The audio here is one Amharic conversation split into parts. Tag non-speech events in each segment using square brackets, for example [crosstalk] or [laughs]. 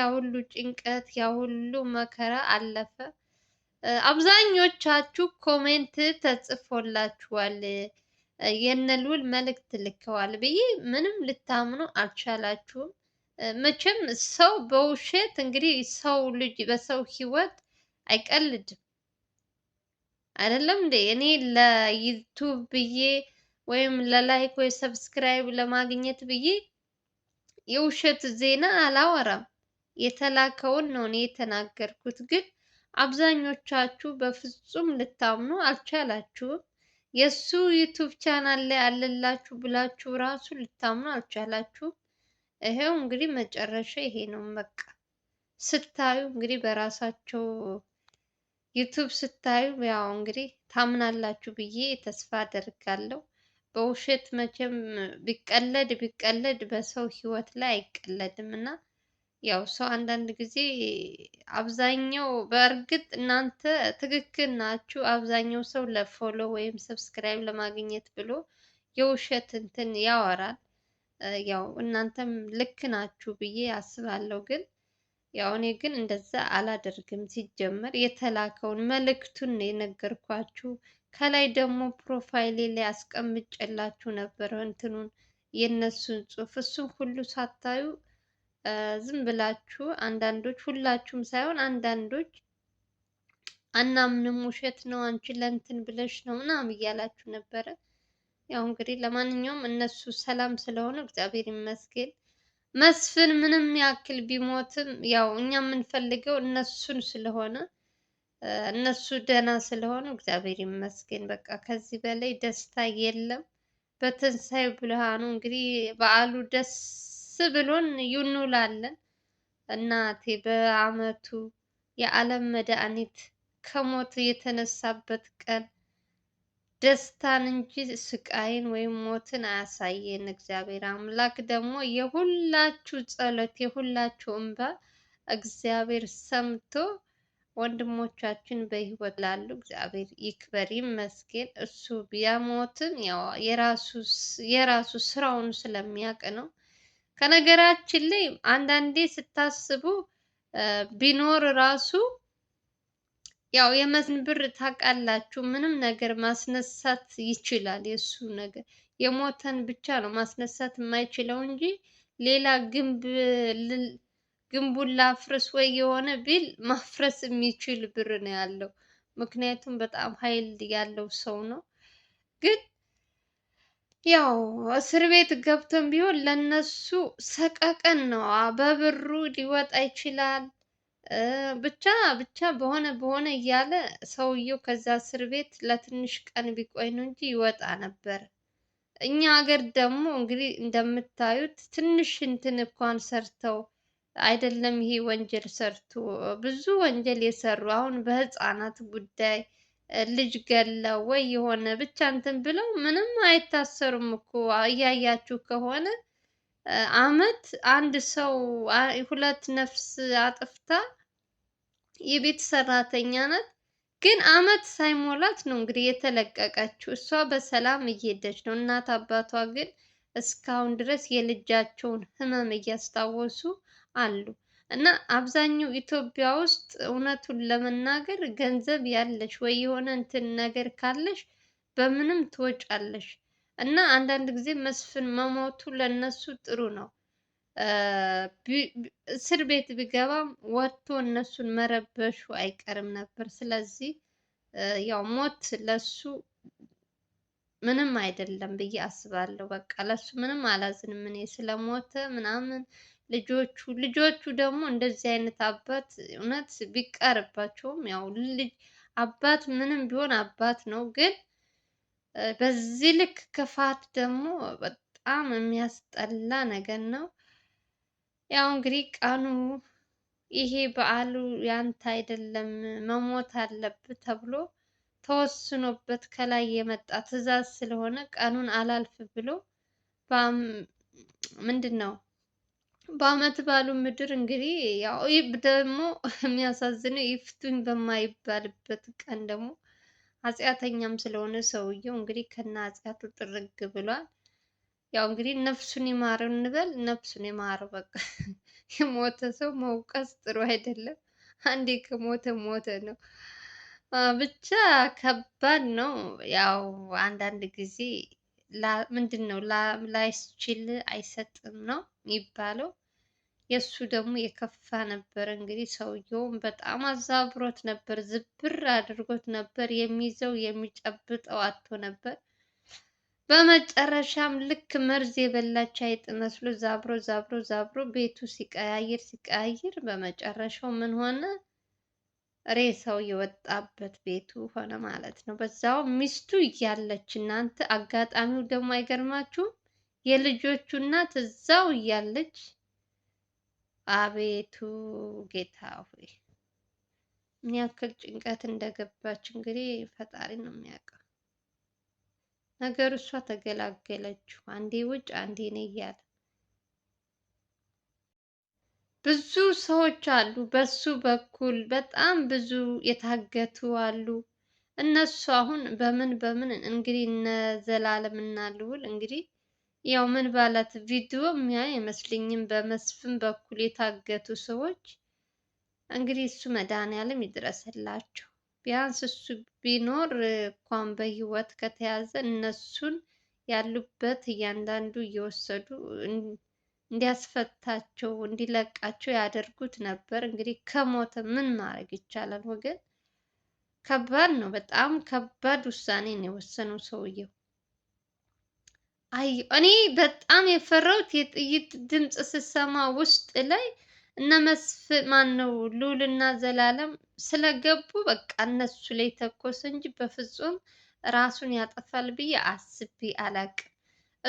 ያሁሉ ጭንቀት ያሁሉ መከራ አለፈ። አብዛኞቻችሁ ኮሜንት ተጽፎላችኋል። የነ ልዑል መልእክት ልከዋል ብዬ ምንም ልታምኑ አልቻላችሁም። መቼም ሰው በውሸት እንግዲህ ሰው ልጅ በሰው ህይወት አይቀልድም አይደለም እንዴ? እኔ ለዩቱብ ብዬ ወይም ለላይክ ወይ ሰብስክራይብ ለማግኘት ብዬ የውሸት ዜና አላወራም። የተላከውን ነው እኔ የተናገርኩት። ግን አብዛኞቻችሁ በፍጹም ልታምኑ አልቻላችሁም። የእሱ ዩቱብ ቻናል ላይ አለላችሁ ብላችሁ ራሱ ልታምኑ አልቻላችሁም። ይሄው እንግዲህ መጨረሻ ይሄ ነው። በቃ ስታዩ እንግዲህ በራሳቸው ዩቱብ ስታዩ ያው እንግዲህ ታምናላችሁ ብዬ ተስፋ አደርጋለሁ። በውሸት መቼም ቢቀለድ ቢቀለድ በሰው ህይወት ላይ አይቀለድም እና ያው ሰው አንዳንድ ጊዜ አብዛኛው በእርግጥ እናንተ ትክክል ናችሁ። አብዛኛው ሰው ለፎሎ ወይም ሰብስክራይብ ለማግኘት ብሎ የውሸት እንትን ያወራል። ያው እናንተም ልክ ናችሁ ብዬ አስባለሁ። ግን ያው እኔ ግን እንደዛ አላደርግም። ሲጀመር የተላከውን መልእክቱን ነው የነገርኳችሁ። ከላይ ደግሞ ፕሮፋይሌ ላይ አስቀምጬላችሁ ነበር እንትኑን የእነሱን ጽሑፍ እሱን ሁሉ ሳታዩ ዝም ብላችሁ አንዳንዶች፣ ሁላችሁም ሳይሆን አንዳንዶች አናምንም፣ ውሸት ነው፣ አንቺ ለእንትን ብለሽ ነው ምናምን እያላችሁ ነበረ። ያው እንግዲህ ለማንኛውም እነሱ ሰላም ስለሆኑ እግዚአብሔር ይመስገን። መስፍን ምንም ያክል ቢሞትም ያው እኛ የምንፈልገው እነሱን ስለሆነ እነሱ ደህና ስለሆኑ እግዚአብሔር ይመስገን። በቃ ከዚህ በላይ ደስታ የለም። በትንሳኤ ብርሃኑ እንግዲህ በዓሉ ደስ ብሎን ይኑላለን። እናቴ በአመቱ የዓለም መድኃኒት ከሞት የተነሳበት ቀን ደስታን እንጂ ስቃይን ወይም ሞትን አያሳየን። እግዚአብሔር አምላክ ደግሞ የሁላችሁ ጸሎት፣ የሁላችሁ እንባ እግዚአብሔር ሰምቶ ወንድሞቻችን በህይወት ላሉ እግዚአብሔር ይክበር ይመስገን። እሱ ቢያሞትም የራሱ ስራውን ስለሚያውቅ ነው። ከነገራችን ላይ አንዳንዴ ስታስቡ ቢኖር ራሱ ያው የመዝን ብር ታውቃላችሁ፣ ምንም ነገር ማስነሳት ይችላል። የእሱ ነገር የሞተን ብቻ ነው ማስነሳት የማይችለው እንጂ ሌላ ግንብ ግንቡን ላፍርስ ወይ የሆነ ቢል ማፍረስ የሚችል ብር ነው ያለው። ምክንያቱም በጣም ኃይል ያለው ሰው ነው ግን ያው እስር ቤት ገብተን ቢሆን ለነሱ ሰቀቀን ነው። በብሩ ሊወጣ ይችላል። ብቻ ብቻ በሆነ በሆነ እያለ ሰውየው ከዛ እስር ቤት ለትንሽ ቀን ቢቆይ ነው እንጂ ይወጣ ነበር። እኛ ሀገር ደግሞ እንግዲህ እንደምታዩት ትንሽ እንትን እንኳን ሰርተው አይደለም ይሄ ወንጀል ሰርቶ ብዙ ወንጀል የሰሩ አሁን በህፃናት ጉዳይ ልጅ ገለው ወይ የሆነ ብቻ እንትን ብለው ምንም አይታሰሩም እኮ እያያችሁ ከሆነ አመት አንድ ሰው ሁለት ነፍስ አጥፍታ የቤት ሰራተኛ ናት። ግን አመት ሳይሞላት ነው እንግዲህ የተለቀቀችው። እሷ በሰላም እየሄደች ነው። እናት አባቷ ግን እስካሁን ድረስ የልጃቸውን ህመም እያስታወሱ አሉ። እና አብዛኛው ኢትዮጵያ ውስጥ እውነቱን ለመናገር ገንዘብ ያለሽ ወይ የሆነ እንትን ነገር ካለሽ በምንም ትወጫለሽ። እና አንዳንድ ጊዜ መስፍን መሞቱ ለነሱ ጥሩ ነው። እስር ቤት ቢገባም ወጥቶ እነሱን መረበሹ አይቀርም ነበር። ስለዚህ ያው ሞት ለሱ ምንም አይደለም ብዬ አስባለሁ። በቃ ለሱ ምንም አላዝንም እኔ ስለሞተ ምናምን ልጆቹ ልጆቹ ደግሞ እንደዚህ አይነት አባት እውነት ቢቀርባቸውም ያው ልጅ አባት ምንም ቢሆን አባት ነው። ግን በዚህ ልክ ክፋት ደግሞ በጣም የሚያስጠላ ነገር ነው። ያው እንግዲህ ቀኑ ይሄ በዓሉ ያንተ አይደለም መሞት አለብህ ተብሎ ተወስኖበት ከላይ የመጣ ትዕዛዝ ስለሆነ ቀኑን አላልፍ ብሎ ምንድን ነው በአመት ባሉ ምድር እንግዲህ ያው ደግሞ [laughs] የሚያሳዝነው ይፍቱኝ በማይባልበት ቀን ደግሞ አጽያተኛም ስለሆነ ሰውየው እንግዲህ ከነ አጽያቱ ጥርግ ብሏል። ያው እንግዲህ ነፍሱን ይማረው እንበል፣ ነፍሱን ይማረው በቃ። [laughs] የሞተ ሰው መውቀስ ጥሩ አይደለም። አንዴ ከሞተ ሞተ ነው። ብቻ ከባድ ነው። ያው አንዳንድ ጊዜ ምንድን ነው ላይስችል አይሰጥም ነው የሚባለው። የእሱ ደግሞ የከፋ ነበር። እንግዲህ ሰውየውም በጣም አዛብሮት ነበር፣ ዝብር አድርጎት ነበር። የሚይዘው የሚጨብጠው አቶ ነበር። በመጨረሻም ልክ መርዝ የበላች አይጥ መስሎ ዛብሮ ዛብሮ ዛብሮ ቤቱ ሲቀያይር ሲቀያይር በመጨረሻው ምን ሆነ? ሬሳው የወጣበት ቤቱ ሆነ ማለት ነው። በዛው ሚስቱ እያለች እናንተ፣ አጋጣሚው ደግሞ አይገርማችሁም? የልጆቹ እናት እዛው እያለች አቤቱ ጌታ ሆይ ምን ያክል ጭንቀት እንደገባች እንግዲህ ፈጣሪ ነው የሚያውቀው። ነገር እሷ ተገላገለችው። አንዴ ውጭ አንዴ እኔ እያለ ብዙ ሰዎች አሉ። በሱ በኩል በጣም ብዙ የታገቱ አሉ። እነሱ አሁን በምን በምን እንግዲህ እነ ዘላለም እና እንግዲህ ያው ምን ባላት ቪዲዮ ሚያ አይመስለኝም። በመስፍን በኩል የታገቱ ሰዎች እንግዲህ እሱ መድኃኒዓለም ይድረስላቸው። ቢያንስ እሱ ቢኖር እንኳን በህይወት ከተያዘ እነሱን ያሉበት እያንዳንዱ እየወሰዱ እንዲያስፈታቸው እንዲለቃቸው ያደርጉት ነበር። እንግዲህ ከሞተ ምን ማድረግ ይቻላል ወገን? ከባድ ነው። በጣም ከባድ ውሳኔ ነው የወሰነው ሰውየው። አይ እኔ በጣም የፈራሁት የጥይት ድምፅ ስሰማ ውስጥ ላይ እነ መስፍን ማን ነው ልዑልና ዘላለም ስለገቡ በቃ እነሱ ላይ ተኮስ እንጂ በፍጹም ራሱን ያጠፋል ብዬ አስቤ አላቅም።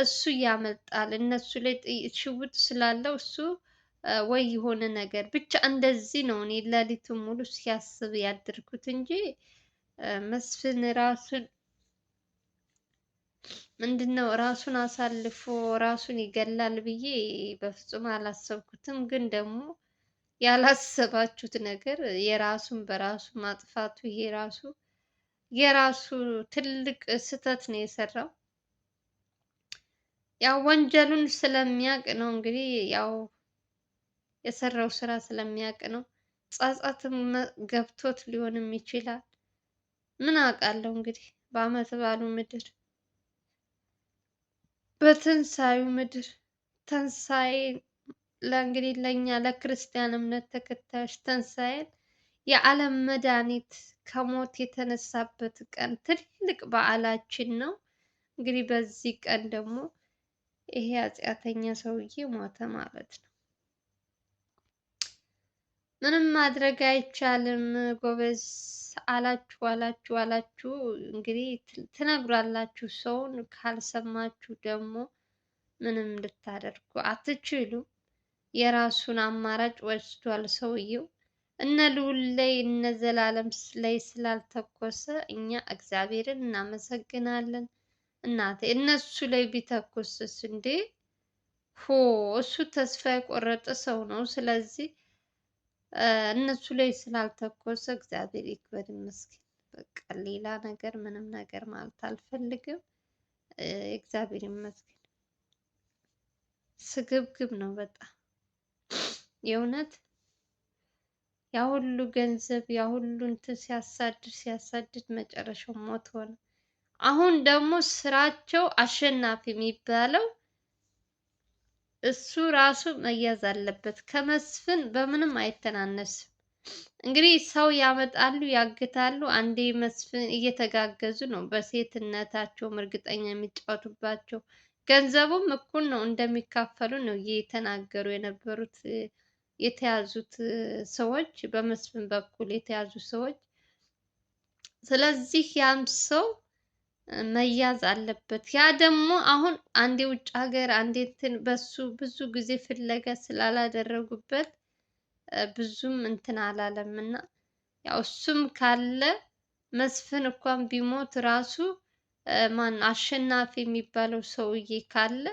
እሱ ያመልጣል፣ እነሱ ላይ ጥይት ሽውጥ ስላለው እሱ ወይ የሆነ ነገር ብቻ እንደዚህ ነው። እኔ ሌሊቱን ሙሉ ሲያስብ ያደርኩት እንጂ መስፍን ራሱን ምንድን ነው ራሱን አሳልፎ ራሱን ይገላል ብዬ በፍጹም አላሰብኩትም። ግን ደግሞ ያላሰባችሁት ነገር የራሱን በራሱ ማጥፋቱ ይሄ ራሱ የራሱ ትልቅ ስህተት ነው የሰራው። ያው ወንጀሉን ስለሚያውቅ ነው እንግዲህ ያው የሰራው ስራ ስለሚያውቅ ነው። ጸጸትም ገብቶት ሊሆንም ይችላል። ምን አውቃለሁ እንግዲህ በአመት ባሉ ምድር በትንሣኤ ምድር ትንሣኤ ለእንግዲህ ለእኛ ለክርስቲያን እምነት ተከታዮች ትንሣኤን የዓለም መድኃኒት ከሞት የተነሳበት ቀን ትልቅ በዓላችን ነው። እንግዲህ በዚህ ቀን ደግሞ ይሄ ኃጢአተኛ ሰውዬ ሞተ ማለት ነው። ምንም ማድረግ አይቻልም ጎበዝ። አላችሁ አላችሁ አላችሁ እንግዲህ ትነግራላችሁ። ሰውን ካልሰማችሁ ደግሞ ምንም ልታደርጉ አትችሉም። የራሱን አማራጭ ወስዷል ሰውየው። እነ ልዑል ላይ እነ ዘላለም ላይ ስላልተኮሰ እኛ እግዚአብሔርን እናመሰግናለን። እናቴ እነሱ ላይ ቢተኮስስ እንዴ! ሆ እሱ ተስፋ የቆረጠ ሰው ነው። ስለዚህ እነሱ ላይ ስላልተኮሰ እግዚአብሔር ይክበር ይመስገን። በቃ ሌላ ነገር ምንም ነገር ማለት አልፈልግም። እግዚአብሔር ይመስገን። ስግብግብ ነው በጣም የእውነት ያ ሁሉ ገንዘብ ያ ሁሉ እንትን ሲያሳድድ ሲያሳድድ መጨረሻው ሞት ሆነ። አሁን ደግሞ ስራቸው አሸናፊ የሚባለው እሱ ራሱ መያዝ አለበት። ከመስፍን በምንም አይተናነስም። እንግዲህ ሰው ያመጣሉ፣ ያግታሉ። አንዴ መስፍን እየተጋገዙ ነው። በሴትነታቸውም እርግጠኛ የሚጫወቱባቸው ገንዘቡም እኩል ነው እንደሚካፈሉ ነው እየተናገሩ የነበሩት የተያዙት ሰዎች፣ በመስፍን በኩል የተያዙ ሰዎች። ስለዚህ ያም ሰው መያዝ አለበት። ያ ደግሞ አሁን አንዴ ውጭ ሀገር አንዴ እንትን በሱ ብዙ ጊዜ ፍለጋ ስላላደረጉበት ብዙም እንትን አላለም እና ያው እሱም ካለ መስፍን እንኳን ቢሞት ራሱ ማን አሸናፊ የሚባለው ሰውዬ ካለ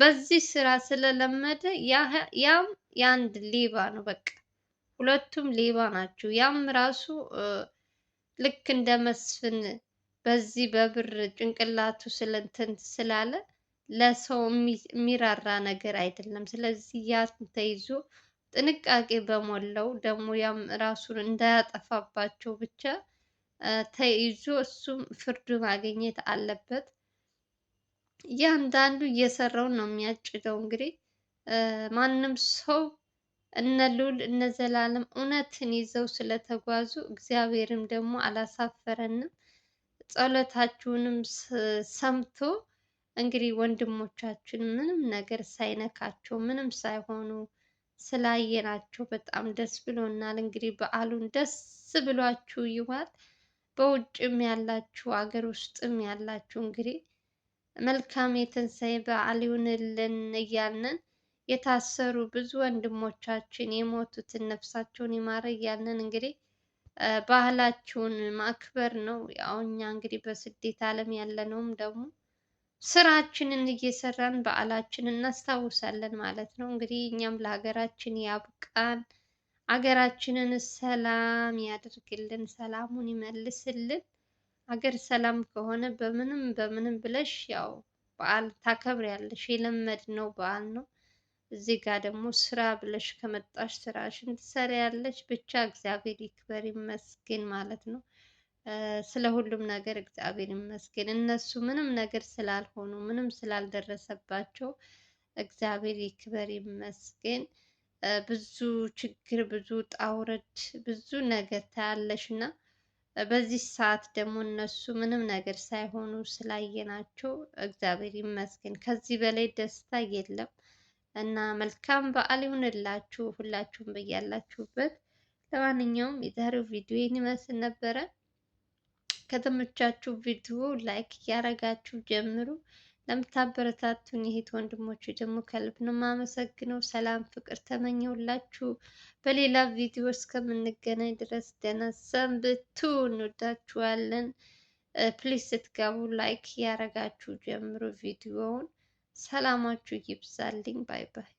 በዚህ ስራ ስለለመደ ያም የአንድ ሌባ ነው። በቃ ሁለቱም ሌባ ናቸው። ያም ራሱ ልክ እንደ መስፍን በዚህ በብር ጭንቅላቱ ስለንትን ስላለ ለሰው የሚራራ ነገር አይደለም። ስለዚህ ያን ተይዞ ጥንቃቄ በሞላው ደግሞ ያም ራሱን እንዳያጠፋባቸው ብቻ ተይዞ እሱም ፍርዱ ማግኘት አለበት። እያንዳንዱ እየሰራውን ነው የሚያጭደው። እንግዲህ ማንም ሰው እነ ልዑል እነ ዘላለም እውነትን ይዘው ስለተጓዙ እግዚአብሔርም ደግሞ አላሳፈረንም። ጸሎታችሁንም ሰምቶ እንግዲህ ወንድሞቻችን ምንም ነገር ሳይነካቸው ምንም ሳይሆኑ ስላየናቸው በጣም ደስ ብሎናል። እንግዲህ በዓሉን ደስ ብሏችሁ ይዋል። በውጭም ያላችሁ አገር ውስጥም ያላችሁ እንግዲህ መልካም የትንሣኤ በዓል ይሁንልን እያልን የታሰሩ ብዙ ወንድሞቻችን የሞቱትን ነፍሳቸውን ይማረ እያልን እንግዲህ ባህላችሁን ማክበር ነው። ያው እኛ እንግዲህ በስደት ዓለም ያለነውም ደግሞ ስራችንን እየሰራን በዓላችንን እናስታውሳለን ማለት ነው። እንግዲህ እኛም ለሀገራችን ያብቃን፣ ሀገራችንን ሰላም ያድርግልን ሰላሙን ይመልስልን። ሀገር ሰላም ከሆነ በምንም በምንም ብለሽ ያው በዓል ታከብሪያለሽ። የለመድነው በዓል ነው። እዚህ ጋር ደግሞ ስራ ብለሽ ከመጣሽ ስራሽን ትሰሪያለሽ። ብቻ እግዚአብሔር ይክበር ይመስገን ማለት ነው። ስለ ሁሉም ነገር እግዚአብሔር ይመስገን። እነሱ ምንም ነገር ስላልሆኑ ምንም ስላልደረሰባቸው እግዚአብሔር ይክበር ይመስገን። ብዙ ችግር፣ ብዙ ጣውረድ፣ ብዙ ነገር ታያለሽ እና በዚህ ሰዓት ደግሞ እነሱ ምንም ነገር ሳይሆኑ ስላየናቸው እግዚአብሔር ይመስገን። ከዚህ በላይ ደስታ የለም። እና መልካም በዓል ይሁንላችሁ ሁላችሁም በያላችሁበት። ለማንኛውም የዛሬው ቪዲዮ ይህን ይመስል ነበረ። ከተመቻችሁ ቪዲዮ ላይክ እያደረጋችሁ ጀምሩ። ለምታበረታቱን የሄት ወንድሞች ደግሞ ከልብ ነው የማመሰግነው። ሰላም ፍቅር ተመኘሁላችሁ። በሌላ ቪዲዮ እስከምንገናኝ ድረስ ደህና ሰንብቱ። እንወዳችኋለን። ፕሊስ ስትገቡ ላይክ እያደረጋችሁ ጀምሩ ቪዲዮውን ሰላማችሁ ይብዛልኝ። ባይ ባይ።